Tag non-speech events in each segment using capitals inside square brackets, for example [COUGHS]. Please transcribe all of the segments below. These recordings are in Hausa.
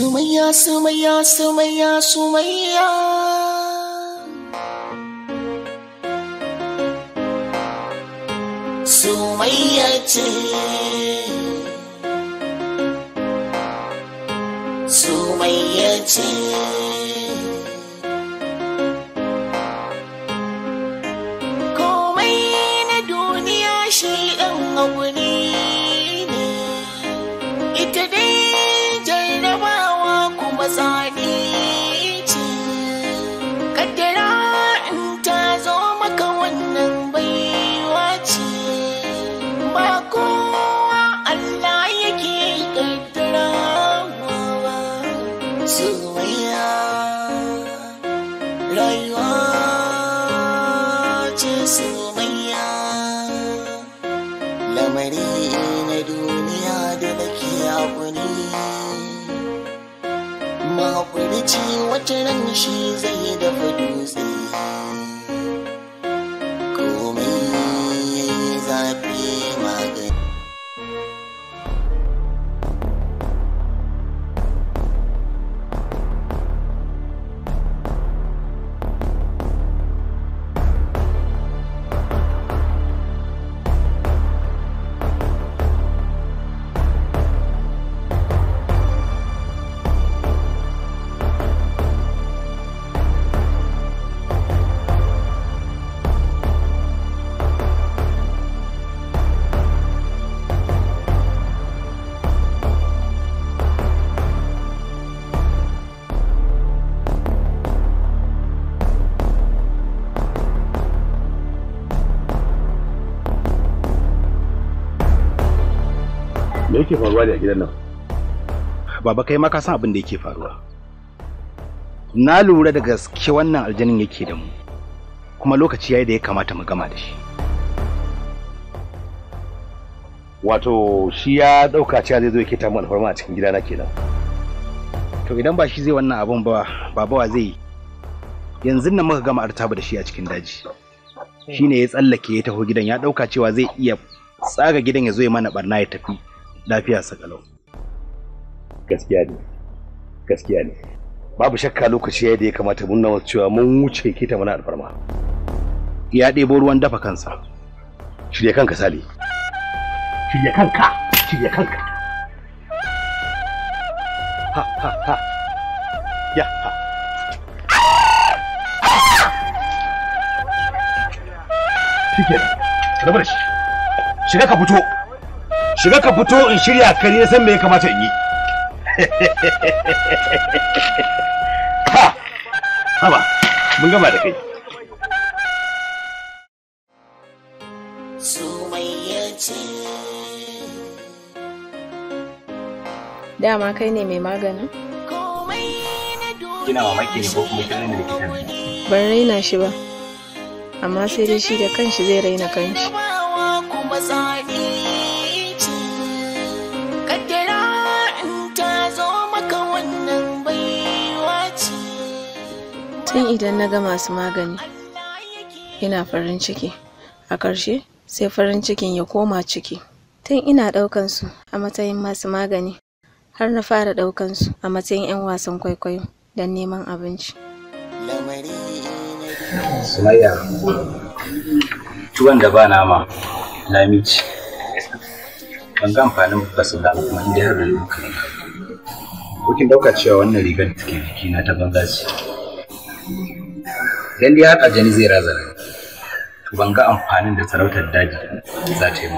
Sumayya, Sumayya, Sumayya, Sumayya. Sumayya ce. Sumayya ce. yake faruwa ne a gidan nan baba kai ma ka san abin da yake faruwa na lura da gaske wannan aljanin yake da mu kuma lokaci yayi da ya kamata mu gama da shi wato shi ya dauka cewa zai zo yake ta mu alfarma a cikin gidana kenan to idan ba shi zai wannan abun ba baba wa zai yanzu nan muka gama artaba da shi a cikin daji shine ya tsallake ya taho gidan ya dauka cewa zai iya tsaga gidan ya zo ya mana barna ya tafi lafiya sakalau gaskiya ne gaskiya ne babu shakka lokaci ya da ya kamata mun nawa cewa mun wuce kita mana alfarma ya ɗebo ruwan dafa kansa shirya kanka sale shirya kanka shirya kanka ha ha ha ya ha shi ke rabar shi shiga ka fito shiga ka fito in shirya kare ne san me ya kamata in yi ha haba mun gama da kai dama kai ne mai magana. kina mamaki ne ko kuma kina ne likitan ban raina shi ba amma sai dai shi da kanshi zai raina kanshi tun idan na ga masu magani ina farin ciki a ƙarshe sai farin cikin ya koma ciki tun ina ɗaukan su a matsayin masu magani har na fara ɗaukan su a matsayin 'yan wasan kwaikwayo don neman abinci sumayya tuwon da ba nama lamici ban ga amfanin basu da kuma inda yaran lokacin kukin ɗauka cewa wannan rigar da jiki jikina ta bangaji idan ya haɗa jani zai razana to ban ga amfanin da sarautar daji za ta yi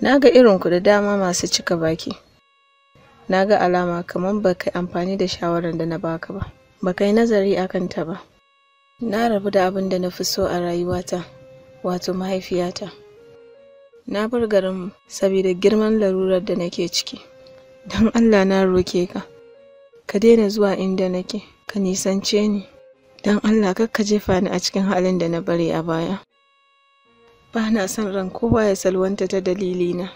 na ga irin ku da dama masu cika baki na ga alama kamar ba kai amfani da shawarar da na baka ba ba kai nazari a kanta ba na rabu da abin da na fi so a rayuwata wato mahaifiyata na bar garinmu saboda girman larurar da nake ciki don allah na roke ka ka daina zuwa inda nake ka nisance ni don Allah ka jefa ni a cikin halin da na bari a baya ba na son ran kowa ya salwanta ta dalilina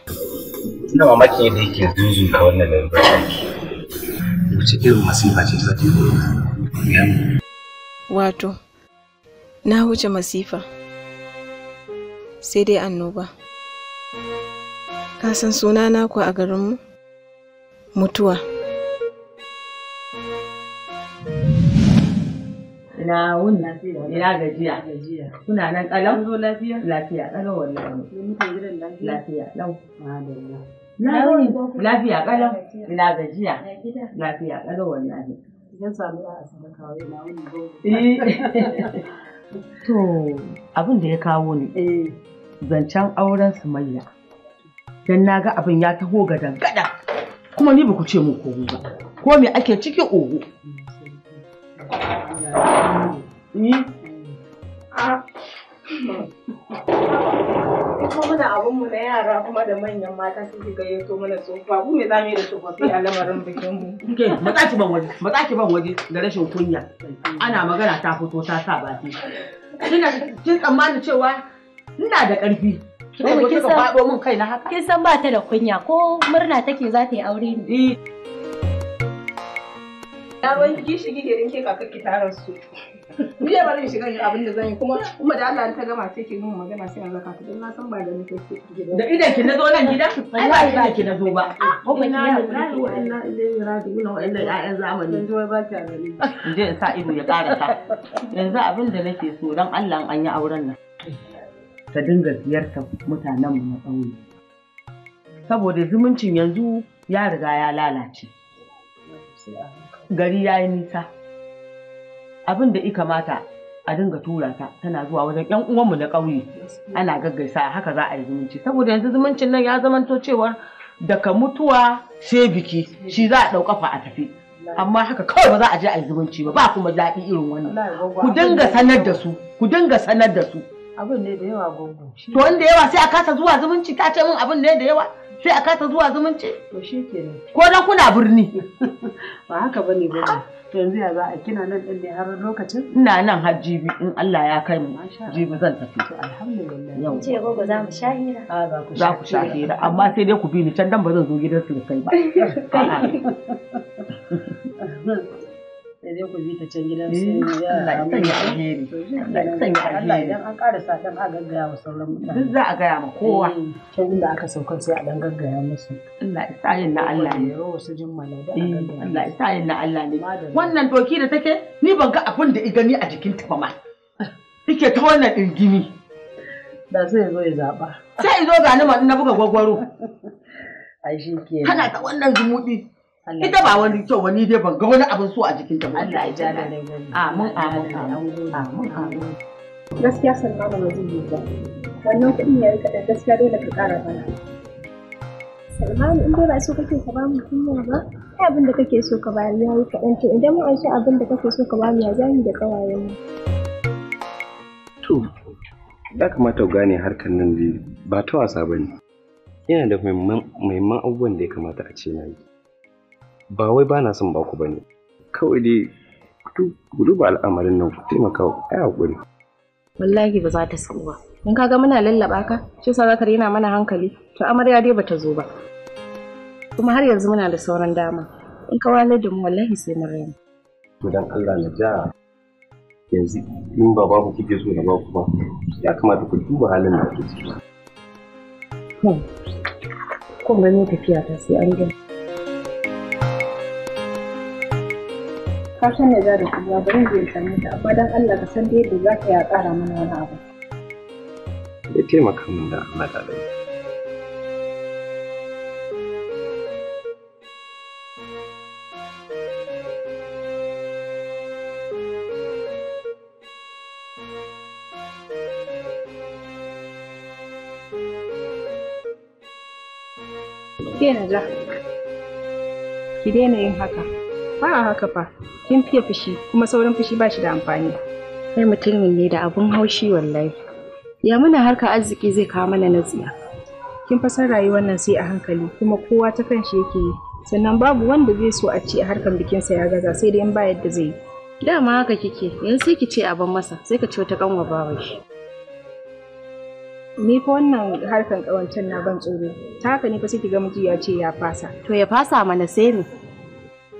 ina mamakin yadda yake zuzu da wannan labarin wace irin masifa ce ta wato na huce masifa sai dai annoba ka san suna naku a garinmu mutuwa na wannan ina gajiya. Kuna nan ƙalau? Zo lafiya? Lafiya ƙalau wallahi. Lafiya wani Lafiya ƙalau. Ina gajiya. Lafiya ƙalau wallahi. Idan samu za a samu kawo ina wuni eh. [LAUGHS] To abin da ya kawo ni. Eh. Zancen auren Sumayya. Dan na ga abin ya taho ga dangada. Kuma ni ba ku ce mun kogo ba. Ko me ake ciki ogo? Ni? A. Kuma da muna abinmu na yara kuma da manyan mata su shiga ya so mana tsofa. Ku me za mu yi da tsofaffi a lamarin mu. Ke, matsaki ban waje, matsaki ban waje da rashin kunya. Ana magana ta fito ta sa baki. Kina kin tsammani cewa ina da ƙarfi. Kuma kin san ba ta da kunya ko murna take za ta yi aure ne. Eh. Ya yaron gishi gigirin ke kaka ki tarar su Mu ya bari shiga abin da zan yi kuma kuma da Allah ta gama sai ki mun magana sai an zaka don na san ba da nake ke gida da idan ki nazo nan gida ai ba idan ki nazo ba ah, ko ba ki yana da wannan zai yara da wannan wannan ƴaƴan zamani yanzu ba ta da je in sa ido ya karasa yanzu abin da nake so dan Allah an yi auren nan ta dinga ziyartar mutanen mu na tsauni saboda zumuncin yanzu ya riga ya lalace gari ya yi nisa abin da i kamata a dinga tura ta tana zuwa wajen yan uwanmu na ƙauye ana gaggaisa haka za a yi zumunci saboda yanzu zumuncin nan ya zamanto cewa daga mutuwa sai biki shi za a ɗaukafa a tafi amma haka kawai ba za a je a yi zumunci ba ba kuma daɗi irin wannan ku dinga sanar da su ku dinga sanar da su abin ne da yawa gogo to wanda yawa sai a kasa zuwa zumunci ta ce min abin ne da yawa sai a kasa zuwa zumunci to shi kenan. ko dan kuna birni [LAUGHS] ba haka bane ba yanzu ya za a kina nan din ne har lokacin ina nan har jibi in Allah ya kai mu jibi zan tafi to alhamdulillah yau ce gogo za mu shahira za ku Za ku shahira amma sai dai ku bi ni can dan ba zan zo gidan su kai ba [LAUGHS] [LAUGHS] sai dai ku bi ta can gidan su eh, ya sanya alheri sanya idan an wa sauran mutane duk za a gaya ma kowa eh. can inda aka sauka sai a gaggaya musu Allah yin na Allah ne rawa su da eh, Allah isa yin na Allah ne wannan doki da take ni ban ga abin da i gani a jikin ta ma take ta wannan dingini da sai zo ya zaba sai zo na buga gwagwaro [LAUGHS] ai shi ke kana ta wannan zumuɗi Ita ba wani kyau wani dai ban ga wani abin so a jikinta ba. Allah ya jana ne Amin amin amin amin Gaskiya salma ba zai yi ba. Wannan kudin ya rika da gaskiya dole ka kara bana. Salmanu in dai ba so kake ka ba mu kunya ba, kai abin da kake so ka bayar yayi yi kaɗan to idan mun aishi abin da kake so ka ba mu ya za mu da ƙawayen mu. To, ya kamata ku gane harkar nan dai ba ta wasa bane ne. Yana da muhimman abubuwan da ya kamata a ce na yi. ba wai ba na son baku ba ne kawai dai ku duba al'amarin nan ku taimaka ai hakuri wallahi ba za ta samu ba in kaga muna lallaba ka shi zakar yana mana hankali to amarya dai bata zo ba kuma har yanzu muna da sauran dama in ka walar da mu wallahi sai mu rayu to dan Allah na ja yanzu in ba babu kuke so na baku ba ya kamata ku duba halin da kuke ciki hmm. kun gani tafiya ta sai an gani ka san yadda da kuma bari zai sami ta amma don Allah ka san dai za ka ya ƙara mana wani abu ya taimaka min da Allah da Allah Ki daina ja, ki daina yin haka. ba haka fa, kin fiye fushi kuma saurin fushi ba shi da amfani. Kai mutumin ne da abun haushi wallahi. Ya muna harka arziki zai kawo mana natsiya. Kin fasar rayuwar nan sai a hankali kuma kowa ta kanshi yake yi. Sannan babu wanda zai so a ci a harkan sa ya gaza sai dai in ba yadda zai yi. Dama haka kike, yanzu sai ki ce a ban masa, sai ka ce wata kanwa babu shi. ni fa wannan harkan kawancan na ban tsoro ta haka ne fa sai ki ga miji ya ce ya fasa to ya fasa mana sai ne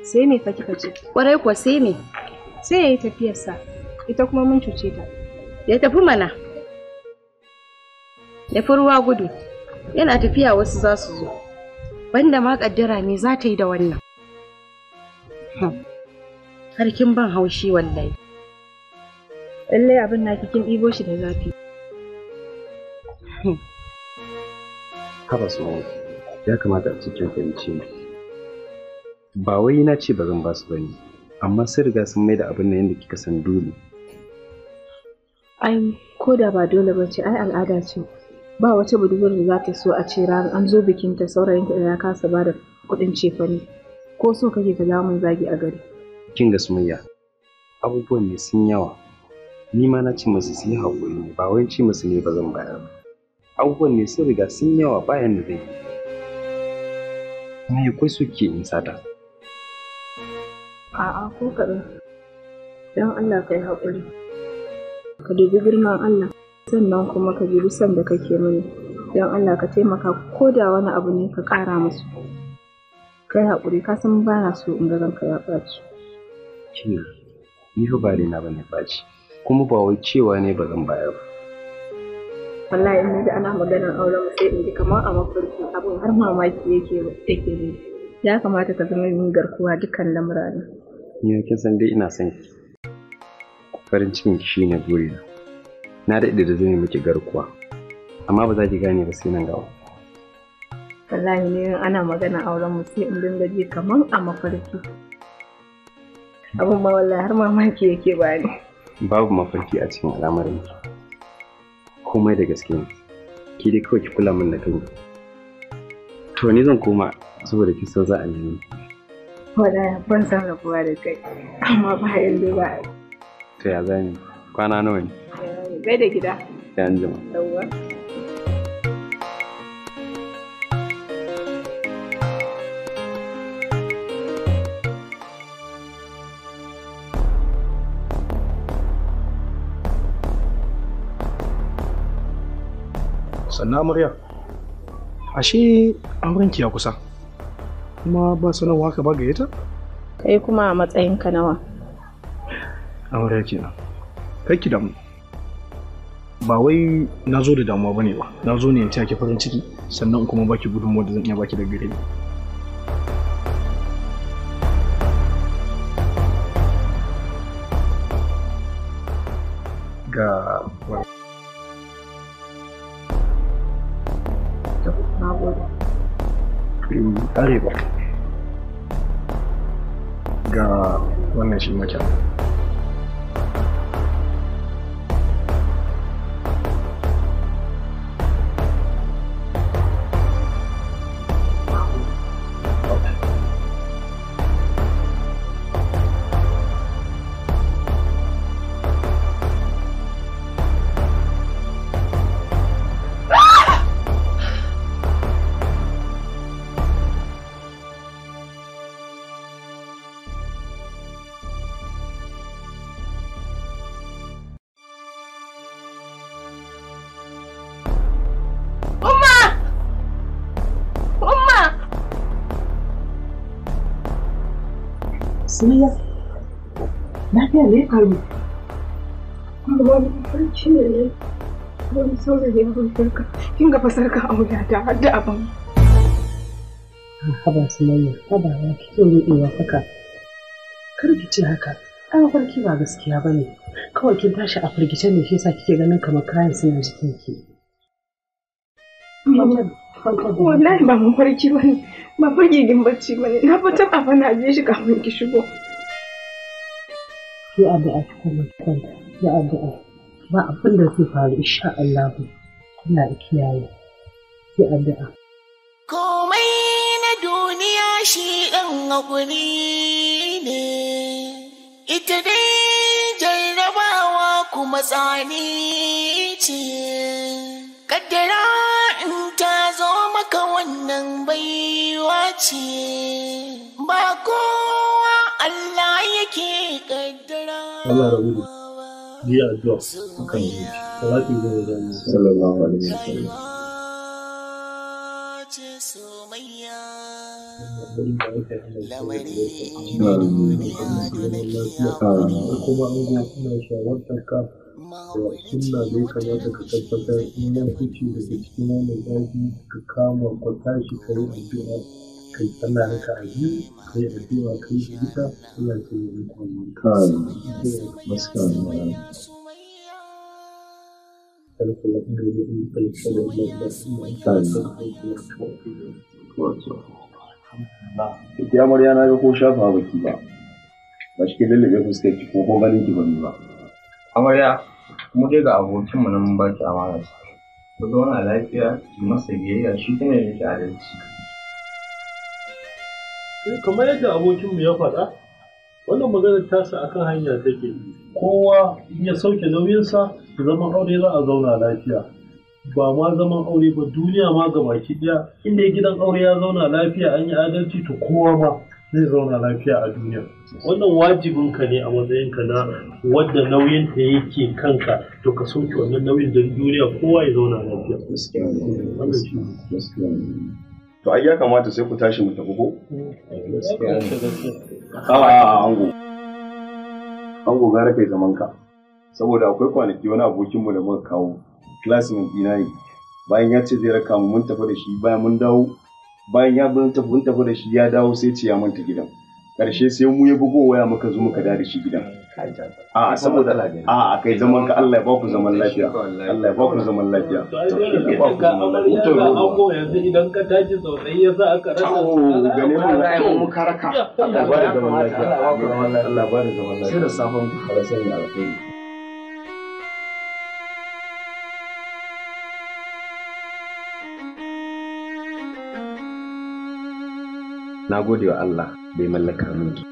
sai me fa kika ce kwarai kuwa sai me sai yayi tafiyarsa ita kuma mun cuce ta ya tafi mana ya furwa ruwa gudu yana tafiya wasu za su zo banda ma kaddara ne za ta yi da wannan Harkin hmm. ban haushi wallahi lallai abin naki kin ɗibo shi da zafi hmm. haba su ya kamata a cikin fahimci ne ba wai na ce ba zan ba su ba ne amma sun riga sun mai da abin nan yadda kika san dole ai ko da ba dole ba ce ai al'ada ce ba wata budurwar da za ta so a ce ran an zo bikin ta saurayin ta ya kasa ba da kuɗin cefane ko so kake ka lamun zagi a gari kin ga sumayya abubuwan ne sun yawa ni ma na ce masu su yi haƙuri ne ba wai ce masu ne ba zan bayar ba abubuwan ne sun riga sun yawa bayan da zai yi me kwaso suke in sata A'a ko kaɗan. Don Allah ka yi haƙuri. Ka dubi girman Allah, sannan kuma ka dubi son da kake mini. Don Allah ka taimaka ko da wani abu ne ka ƙara musu. Ka yi haƙuri, ka san ba na so in ga ranka ya ɓaci. Kina, ni fa ba na bane ɓaci, kuma ba wai cewa ne ba zan bayar ba. Wallahi in da ana maganar auren sai in ji kamar a mafarki abin har mamaki yake yake ne. ya kamata ka zama min garkuwa dukkan ne. Ni kin san dai ina son ki. Farin cikin ki shine burina. Na daɗe da zai miki garkuwa. Amma ba za ki gane ba sai nan gaba. Wallahi ne ana magana auren mu sai in dinga ji kaman a mafarki. Abin ma wallahi har mamaki yake ni. Babu mafarki a cikin al'amarin ki. Komai da gaske ne. Ki dai kawai ki kula min da kanki. To ni zan koma saboda kisa za a nemi wadaya ban san rabuwa da kai amma ba yanzu ba a ta ya zai kwana nawa ne Gai da gida ya an jima yawwa sannan murya ashe aurenki ya kusa kuma ba sanarwa ka ba gayyata? Kai kuma a matsayin ka nawa. Aure nan Kai ki damu. Ba wai na zo da damuwa bane ba, na zo ne in ki farin ciki sannan kuma baki gudunmuwa da zan iya baki da gare ni. Ga wani. Na arewa ga wannan shi makyar suya. Lafiya ne faru? ne ne. Haba Sumayya, haba ya haka. Kar ki ce haka. an farki ba gaskiya ba ne. Kawai kin tashi a firgice ne shi kike ganin kamar kayan suna ki. Wallahi ba mun ba ne. Babban firgigin bacci ba ne na fitar a na je shi kafin ki shigo ki addu'a ki kuma kwanta ki addu'a ba abin da zai faru insha Allah kuna kiyaye ki addu'a komai na duniya shi ɗan hakuri ne ita dai jarrabawa kuma tsani ce kaddara duka wannan baiwa ce ba kowa Allah yake kaddara Allah rabu ni addu'a akan yi salatu ga wajen sallallahu alaihi wasallam lamari na duniya dole kuma an go kuma shawartar ka sunna zai kamata ka tabbatar in ya da daga cikin wani daji ka kama ka tashi ka yi addu'a kai sallah raka a biyu ka yi addu'a ka yi shirka Allah ya yi kwanan kan maska mara yana ga shafa baki ba, ba shi ke lullube fuskar ki ko ganin ki ba ba. Amarya, mu dai ga abokinmu nan mun baki amanarsa. Ku zauna lafiya, ki masa biyayya shi kuma ya miki adalci. Eh, kamar yadda abokinmu ya faɗa, wannan maganar tasa akan hanya take. Kowa ya sauke nauyinsa, zaman aure za a zauna lafiya. Ba ma zaman aure ba duniya ma ga baki ɗaya, inda gidan aure ya zauna lafiya an yi adalci to kowa ma. zai zauna lafiya a duniya wannan wajibin ka ne a matsayinka na wadda nauyin ta yake kanka to ka soke wannan nauyin don duniya kowa ya zauna lafiya to ai ya kamata sai ku tashi mu tafi ko a ango ango gara kai zaman ka saboda akwai kwanaki wani abokin mu da muka kawo classmate dina ne bayan ya ce zai raka mu mun tafi da shi bayan mun dawo bayan ya bin tafi in tafi da shi ya dawo sai ce ya manta gidan karshe sai mu ya bugo waya muka zo muka da shi gidan a saboda a a kai zaman ka Allah ya ba ku zaman lafiya Allah ya ba ku zaman lafiya to ko yanzu idan ka tashi tsotsai ya sa aka rasa ga ne mu mu karaka Allah ba da zaman lafiya Allah ba da zaman lafiya sai da sabon Allah ya alƙairi na gode wa Allah bai mallaka min ki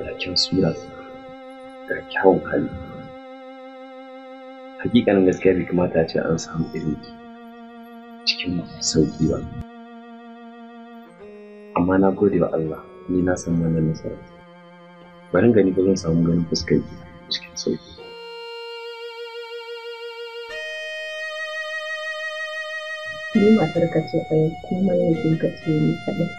da kyan sura da kyawun hali hakikanin gaskiya bai kamata ce an samu irin cikin sauki ba amma na gode wa Allah ni na san wannan nasara bari gani ba zan samu ganin fuskar ki cikin sauki ni matar ka ce ɗaya ko yankin ka ce ni kaɗai.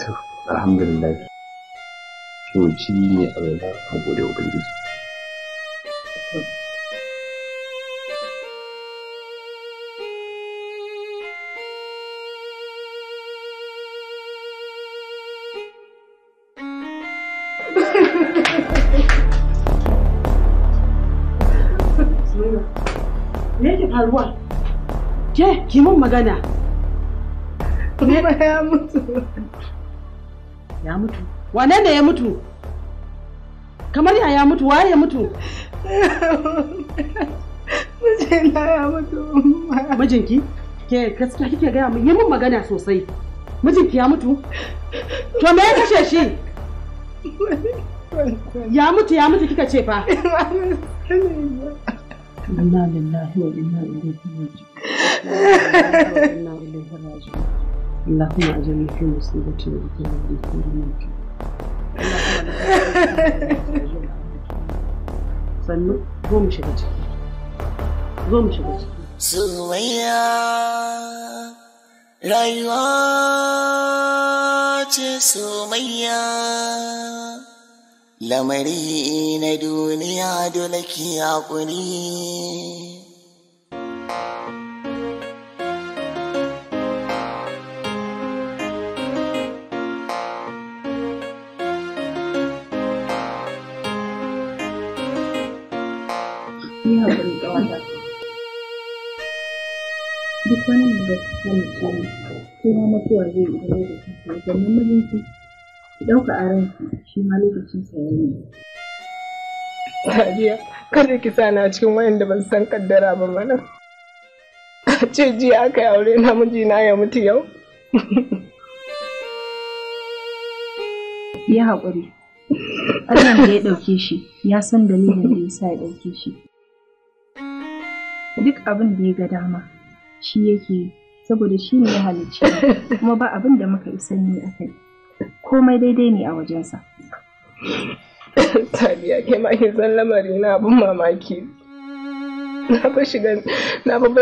To, alhamdulillah. To, shi ne a ba a gode wa Ubangiji. faruwa? Ke, ki mun magana. ya mutu. Ya mutu. Wane ne ya mutu? Kamar ya ya mutu, waye ya mutu? Mijina ya mutu. Mijinki? Ke gaskiya kike gaya mun yi mun magana sosai. Mijinki ya mutu? To me ya kashe shi? [LAUGHS] Ya mutu ya mutu kika ce fa. [LAUGHS] inna lillahi wa inna ilaihi raji'un اللهم اجعلني في مصيبتي واجعلني في خير منك sannu zo mu shiga ciki zo mu shiga ciki soyayya rayuwa ce soyayya lamari na duniya dole ki haƙuri duk wani da suka mace kuma mutuwa zai iya da kansa ga namijinki ɗauka a ranki shi ma lokacin sayayi Sadiya, kada ki sa cikin wayanda ban san kaddara ba mana. A ce jiya aka yi aure na mijina ya mutu yau. Ya haƙuri. Allah da ya ɗauke shi ya san dalilin da ya sa ya ɗauke shi. Duk abin da ya ga dama shi yake saboda shi ne ya halicci kuma ba abin da muka yi ne a kai. komai daidai ne a wajensa taliya [COUGHS] ke ma zan lamari na abin mamaki na ba shiga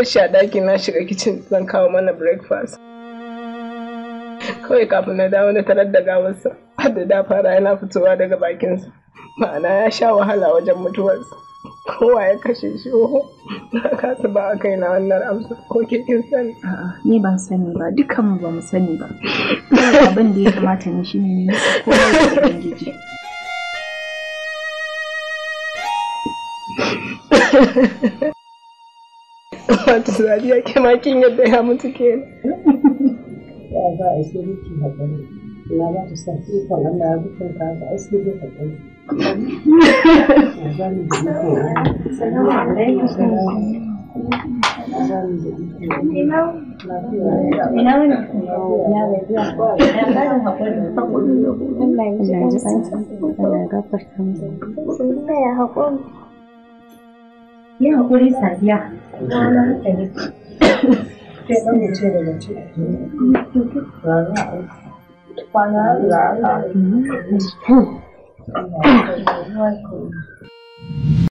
shi a daki na shiga kicin zan kawo mana breakfast kawai kafin na dawo na tarar da gawarsa har da da fara yana fitowa daga bakinsa ma'ana ya sha wahala wajen mutuwarsa kowa ya kashe shi oho na kasa ba a kai na wannan amsa ko ke kin sani a'a ni ban sani ba dukan ba mu sani ba abin da ya kamata ne shine ne ko da ubangiji wato ya ke makin yadda ya mutu ke ya za a yi sai miki haƙari na za ta sa ikon Allah ya dukkan ta ai sai dai haƙari Yi haƙuri sadiya, rana haka da da 嗯。